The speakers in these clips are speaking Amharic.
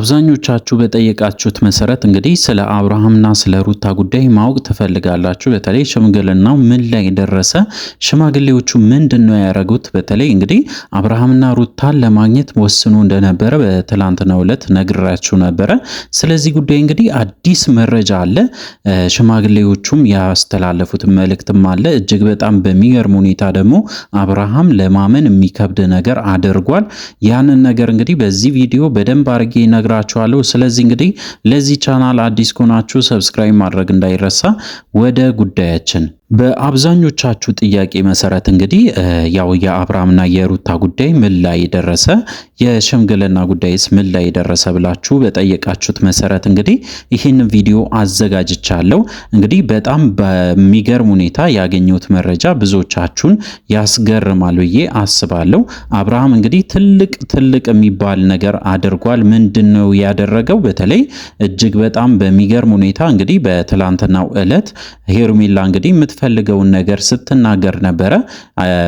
አብዛኞቻችሁ በጠየቃችሁት መሰረት እንግዲህ ስለ አብርሃምና ስለ ሩታ ጉዳይ ማወቅ ትፈልጋላችሁ። በተለይ ሽምግልናው ምን ላይ ደረሰ? ሽማግሌዎቹ ምንድን ነው ያደረጉት? በተለይ እንግዲህ አብርሃምና ሩታን ለማግኘት ወስኖ እንደነበረ በትላንትናው ዕለት ነግራችሁ ነበረ። ስለዚህ ጉዳይ እንግዲህ አዲስ መረጃ አለ። ሽማግሌዎቹም ያስተላለፉት መልእክትም አለ። እጅግ በጣም በሚገርም ሁኔታ ደግሞ አብርሃም ለማመን የሚከብድ ነገር አድርጓል። ያንን ነገር እንግዲህ በዚህ ቪዲዮ በደንብ አድርጌ ነግራችኋለሁ። ስለዚህ እንግዲህ ለዚህ ቻናል አዲስ ከሆናችሁ ሰብስክራይብ ማድረግ እንዳይረሳ። ወደ ጉዳያችን በአብዛኞቻችሁ ጥያቄ መሰረት እንግዲህ ያው የአብርሃምና የሩታ ጉዳይ ምን ላይ ደረሰ፣ የሽምግልና ጉዳይስ ምን ላይ ደረሰ ብላችሁ በጠየቃችሁት መሰረት እንግዲህ ይህን ቪዲዮ አዘጋጅቻለሁ። እንግዲህ በጣም በሚገርም ሁኔታ ያገኘሁት መረጃ ብዙዎቻችሁን ያስገርማል ብዬ አስባለሁ። አብርሃም እንግዲህ ትልቅ ትልቅ የሚባል ነገር አድርጓል። ምንድን ነው ያደረገው? በተለይ እጅግ በጣም በሚገርም ሁኔታ እንግዲህ በትላንትናው ዕለት ሄርሜላ እንግዲህ የምትፈልገውን ነገር ስትናገር ነበረ።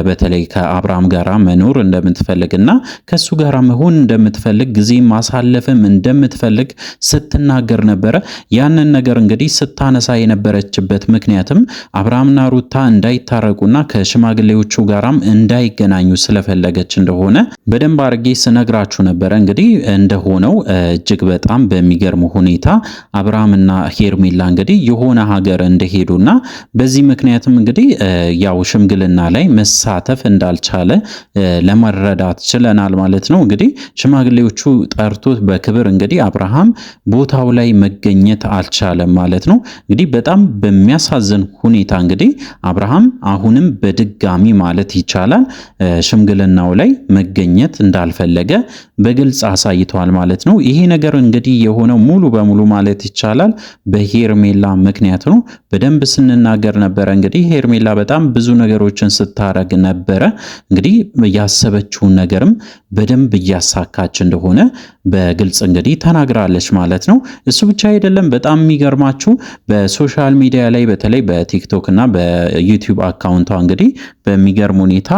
በተለይ ከአብርሃም ጋራ መኖር እንደምትፈልግና ከሱ ጋራ መሆን እንደምትፈልግ ጊዜ ማሳለፍም እንደምትፈልግ ስትናገር ነበረ። ያንን ነገር እንግዲህ ስታነሳ የነበረችበት ምክንያትም አብርሃምና ሩታ እንዳይታረቁና ከሽማግሌዎቹ ጋራም እንዳይገናኙ ስለፈለገች እንደሆነ በደንብ አድርጌ ስነግራችሁ ነበረ። እንግዲህ እንደሆነው እጅግ በጣም በሚገርም ሁኔታ አብርሃምና ሄርሜላ እንግዲህ የሆነ ሀገር እንደሄዱና በዚህ ምክንያትም እንግዲህ ያው ሽምግልና ላይ መሳተፍ እንዳልቻለ ለመረዳት ችለናል ማለት ነው። እንግዲህ ሽማግሌዎቹ ጠርቶት በክብር እንግዲህ አብርሃም ቦታው ላይ መገኘት አልቻለም ማለት ነው። እንግዲህ በጣም በሚያሳዝን ሁኔታ እንግዲህ አብርሃም አሁንም በድጋሚ ማለት ይቻላል ሽምግልናው ላይ መገኘት እንዳልፈለገ በግልጽ አሳይተዋል ማለት ነው። ይሄ ነገር እንግዲህ የሆነው ሙሉ በሙሉ ማለት ይቻላል በሄርሜላ ምክንያት ነው። በደንብ ስንናገር ነበረ እንግዲህ ሄርሜላ በጣም ብዙ ነገሮችን ስታረግ ነበረ። እንግዲህ ያሰበችውን ነገርም በደንብ እያሳካች እንደሆነ በግልጽ እንግዲህ ተናግራለች ማለት ነው። እሱ ብቻ አይደለም። በጣም የሚገርማችሁ በሶሻል ሚዲያ ላይ በተለይ በቲክቶክ እና በዩቲዩብ አካውንቷ እንግዲህ በሚገርም ሁኔታ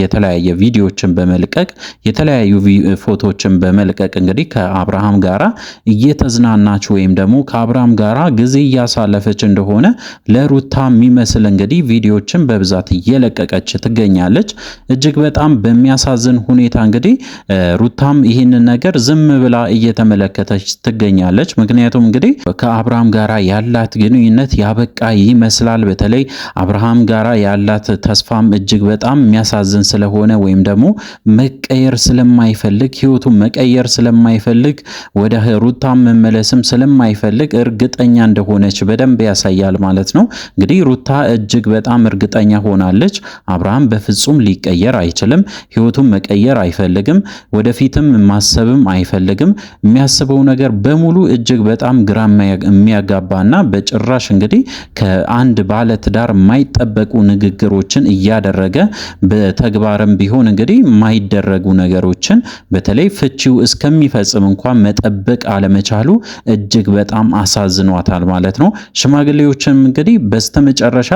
የተለያየ ቪዲዮዎችን በመልቀቅ የተለያዩ ፎቶዎችን በመልቀቅ እንግዲህ ከአብርሃም ጋራ እየተዝናናች ወይም ደግሞ ከአብርሃም ጋራ ጊዜ እያሳለፈች እንደሆነ ለሩታ የሚመስል እንግዲህ ቪዲዮዎችን በብዛት እየለቀቀች ትገኛለች። እጅግ በጣም በሚያሳዝን ሁኔታ እንግዲህ ሩታም ይህንን ነገር ዝም ብላ እየተመለከተች ትገኛለች። ምክንያቱም እንግዲህ ከአብርሃም ጋራ ያላት ግንኙነት ያበቃ ይመስላል። በተለይ አብርሃም ጋራ ያላት ተስፋም እጅግ በጣም የሚያሳዝን ስለሆነ ወይም ደግሞ መቀየር ስለማይፈልግ ህይወቱን መቀየር ስለማይፈልግ ወደ ሩታ መመለስም ስለማይፈልግ እርግጠኛ እንደሆነች በደንብ ያሳያል ማለት ነው። እንግዲህ ሩታ እጅግ በጣም እርግጠኛ ሆናለች። አብርሃም በፍጹም ሊቀየር አይችልም። ህይወቱን መቀየር አይፈልግም። ወደፊትም ማሰብም አይፈልግም። የሚያስበው ነገር በሙሉ እጅግ በጣም ግራ የሚያጋባና በጭራሽ እንግዲህ ከአንድ ባለትዳር የማይጠበቁ ንግግሮች ነገሮችን እያደረገ በተግባርም ቢሆን እንግዲህ የማይደረጉ ነገሮችን በተለይ ፍቺው እስከሚፈጽም እንኳን መጠበቅ አለመቻሉ እጅግ በጣም አሳዝኗታል ማለት ነው። ሽማግሌዎችም እንግዲህ በስተመጨረሻ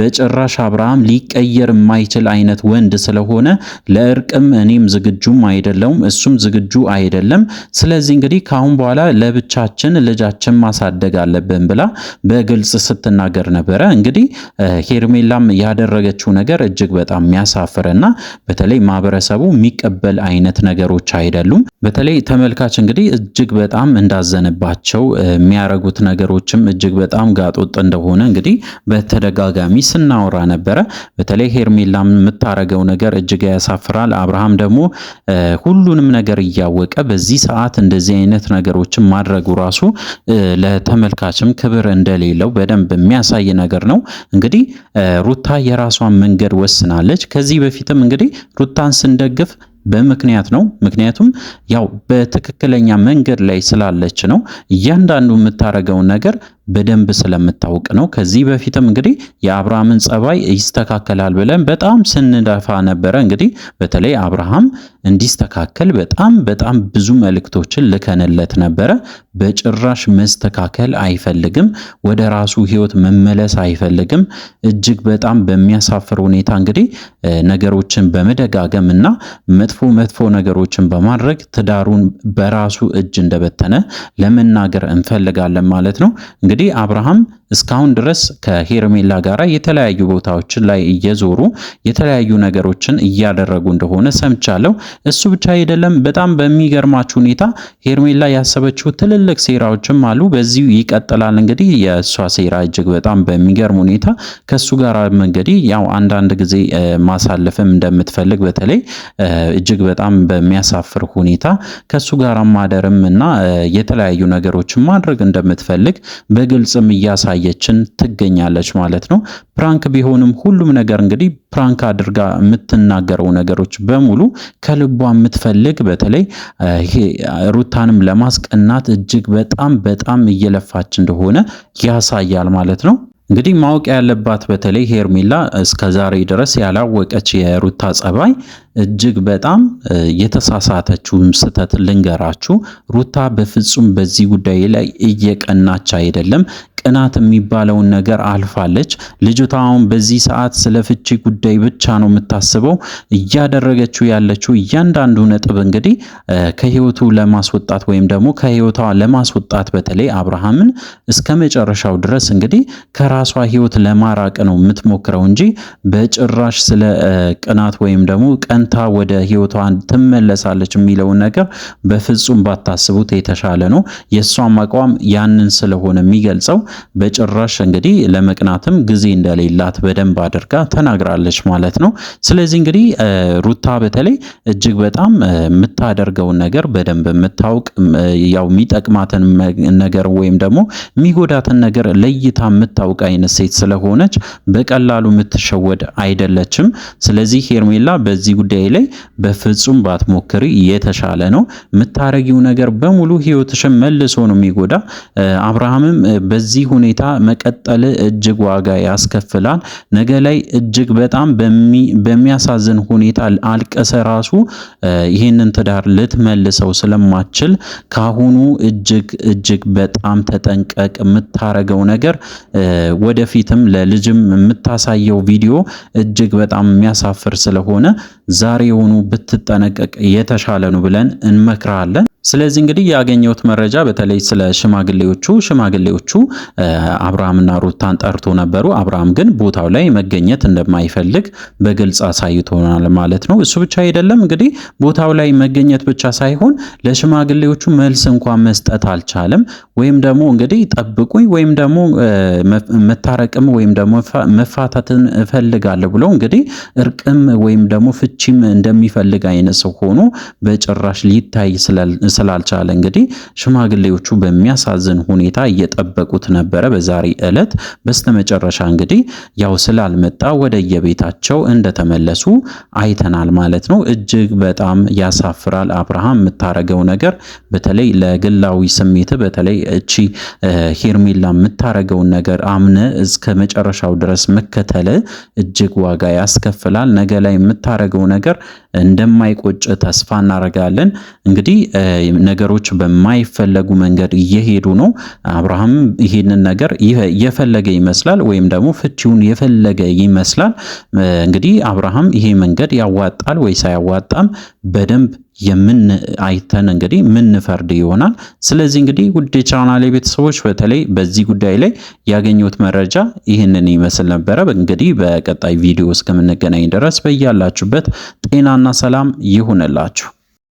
በጭራሽ አብርሃም ሊቀየር የማይችል አይነት ወንድ ስለሆነ ለእርቅም እኔም ዝግጁም አይደለውም፣ እሱም ዝግጁ አይደለም። ስለዚህ እንግዲህ ከአሁን በኋላ ለብቻችን ልጃችን ማሳደግ አለብን ብላ በግልጽ ስትናገር ነበረ። እንግዲህ ሄርሜላም ያደረገ ያሳየችው ነገር እጅግ በጣም የሚያሳፍርና በተለይ ማህበረሰቡ የሚቀበል አይነት ነገሮች አይደሉም። በተለይ ተመልካች እንግዲህ እጅግ በጣም እንዳዘንባቸው የሚያረጉት ነገሮችም እጅግ በጣም ጋጦጥ እንደሆነ እንግዲህ በተደጋጋሚ ስናወራ ነበረ። በተለይ ሄርሜላ የምታረገው ነገር እጅግ ያሳፍራል። አብርሃም ደግሞ ሁሉንም ነገር እያወቀ በዚህ ሰዓት እንደዚህ አይነት ነገሮችን ማድረጉ ራሱ ለተመልካችም ክብር እንደሌለው በደንብ የሚያሳይ ነገር ነው። እንግዲህ ሩታ የራሱ የራሷን መንገድ ወስናለች። ከዚህ በፊትም እንግዲህ ሩታን ስንደግፍ በምክንያት ነው። ምክንያቱም ያው በትክክለኛ መንገድ ላይ ስላለች ነው። እያንዳንዱ የምታደርገውን ነገር በደንብ ስለምታውቅ ነው። ከዚህ በፊትም እንግዲህ የአብርሃምን ጸባይ ይስተካከላል ብለን በጣም ስንደፋ ነበረ። እንግዲህ በተለይ አብርሃም እንዲስተካከል በጣም በጣም ብዙ መልእክቶችን ልከንለት ነበረ። በጭራሽ መስተካከል አይፈልግም። ወደ ራሱ ህይወት መመለስ አይፈልግም። እጅግ በጣም በሚያሳፍር ሁኔታ እንግዲህ ነገሮችን በመደጋገም እና መጥፎ መጥፎ ነገሮችን በማድረግ ትዳሩን በራሱ እጅ እንደበተነ ለመናገር እንፈልጋለን ማለት ነው። እንግዲህ አብርሃም እስካሁን ድረስ ከሄርሜላ ጋር የተለያዩ ቦታዎችን ላይ እየዞሩ የተለያዩ ነገሮችን እያደረጉ እንደሆነ ሰምቻለሁ። እሱ ብቻ አይደለም፣ በጣም በሚገርማችሁ ሁኔታ ሄርሜላ ያሰበችው ትልልቅ ሴራዎችም አሉ። በዚሁ ይቀጥላል። እንግዲህ የእሷ ሴራ እጅግ በጣም በሚገርም ሁኔታ ከእሱ ጋር እንግዲህ ያው አንዳንድ ጊዜ ማሳለፍም እንደምትፈልግ በተለይ እጅግ በጣም በሚያሳፍር ሁኔታ ከእሱ ጋር ማደርም እና የተለያዩ ነገሮችን ማድረግ እንደምትፈልግ በግልጽም እያሳየችን ትገኛለች ማለት ነው። ፕራንክ ቢሆንም ሁሉም ነገር እንግዲህ ፕራንክ አድርጋ የምትናገረው ነገሮች በሙሉ ከልቧ የምትፈልግ በተለይ ሩታንም ለማስቀናት እጅግ በጣም በጣም እየለፋች እንደሆነ ያሳያል ማለት ነው። እንግዲህ ማወቅ ያለባት በተለይ ሄርሜላ እስከ ዛሬ ድረስ ያላወቀች የሩታ ጸባይ እጅግ በጣም የተሳሳተችውም ስህተት ልንገራችሁ። ሩታ በፍጹም በዚህ ጉዳይ ላይ እየቀናች አይደለም። ቅናት የሚባለውን ነገር አልፋለች። ልጅቷ አሁን በዚህ ሰዓት ስለ ፍቺ ጉዳይ ብቻ ነው የምታስበው። እያደረገችው ያለችው እያንዳንዱ ነጥብ እንግዲህ ከህይወቱ ለማስወጣት ወይም ደግሞ ከህይወቷ ለማስወጣት በተለይ አብርሃምን እስከ መጨረሻው ድረስ እንግዲህ ከራሷ ህይወት ለማራቅ ነው የምትሞክረው እንጂ በጭራሽ ስለ ቅናት ወይም ደግሞ ቀን ጸንታ ወደ ህይወቷ ትመለሳለች የሚለውን ነገር በፍጹም ባታስቡት የተሻለ ነው። የእሷም አቋም ያንን ስለሆነ የሚገልጸው በጭራሽ እንግዲህ ለመቅናትም ጊዜ እንደሌላት በደንብ አድርጋ ተናግራለች ማለት ነው። ስለዚህ እንግዲህ ሩታ በተለይ እጅግ በጣም የምታደርገውን ነገር በደንብ የምታውቅ ያው የሚጠቅማትን ነገር ወይም ደግሞ የሚጎዳትን ነገር ለይታ የምታውቅ አይነት ሴት ስለሆነች በቀላሉ የምትሸወድ አይደለችም። ስለዚህ ሄርሜላ በዚህ ጉዳይ ጉዳይ ላይ በፍጹም ባትሞክሪ የተሻለ ነው። የምታረጊው ነገር በሙሉ ህይወትሽን መልሶ ነው የሚጎዳ። አብርሃምም በዚህ ሁኔታ መቀጠል እጅግ ዋጋ ያስከፍላል። ነገ ላይ እጅግ በጣም በሚያሳዝን ሁኔታ አልቀሰ ራሱ ይህንን ትዳር ልትመልሰው ስለማችል ካሁኑ እጅግ እጅግ በጣም ተጠንቀቅ። የምታረገው ነገር ወደፊትም ለልጅም የምታሳየው ቪዲዮ እጅግ በጣም የሚያሳፍር ስለሆነ ዛሬውኑ ብትጠነቀቅ የተሻለ ነው ብለን እንመክራለን። ስለዚህ እንግዲህ ያገኘሁት መረጃ በተለይ ስለ ሽማግሌዎቹ ሽማግሌዎቹ አብርሃምና ሩታን ጠርቶ ነበሩ። አብርሃም ግን ቦታው ላይ መገኘት እንደማይፈልግ በግልጽ አሳይቶናል ማለት ነው። እሱ ብቻ አይደለም እንግዲህ ቦታው ላይ መገኘት ብቻ ሳይሆን ለሽማግሌዎቹ መልስ እንኳን መስጠት አልቻለም። ወይም ደግሞ እንግዲህ ጠብቁኝ ወይም ደግሞ መታረቅም ወይም ደግሞ መፋታትን እፈልጋለሁ ብሎ እንግዲህ እርቅም ወይም ደግሞ ፍቺም እንደሚፈልግ አይነት ሰው ሆኖ በጭራሽ ሊታይ ስላልቻለ እንግዲህ ሽማግሌዎቹ በሚያሳዝን ሁኔታ እየጠበቁት ነበረ። በዛሬ ዕለት በስተመጨረሻ እንግዲህ ያው ስላልመጣ ወደ የቤታቸው እንደተመለሱ አይተናል ማለት ነው። እጅግ በጣም ያሳፍራል። አብርሃም የምታረገው ነገር በተለይ ለግላዊ ስሜት በተለይ እቺ ሄርሜላ የምታረገውን ነገር አምነ እስከ መጨረሻው ድረስ መከተል እጅግ ዋጋ ያስከፍላል። ነገ ላይ የምታረገው ነገር እንደማይቆጭ ተስፋ እናደርጋለን እንግዲህ ነገሮች በማይፈለጉ መንገድ እየሄዱ ነው። አብርሃም ይህንን ነገር የፈለገ ይመስላል ወይም ደግሞ ፍቺውን የፈለገ ይመስላል። እንግዲህ አብርሃም ይሄ መንገድ ያዋጣል ወይስ አያዋጣም በደንብ የምን አይተን እንግዲህ ምን ፈርድ ይሆናል። ስለዚህ እንግዲህ ውድ የቻናሌ ቤተሰቦች በተለይ በዚህ ጉዳይ ላይ ያገኙት መረጃ ይህንን ይመስል ነበረ። እንግዲህ በቀጣይ ቪዲዮ እስከምንገናኝ ድረስ በያላችሁበት ጤናና ሰላም ይሁንላችሁ።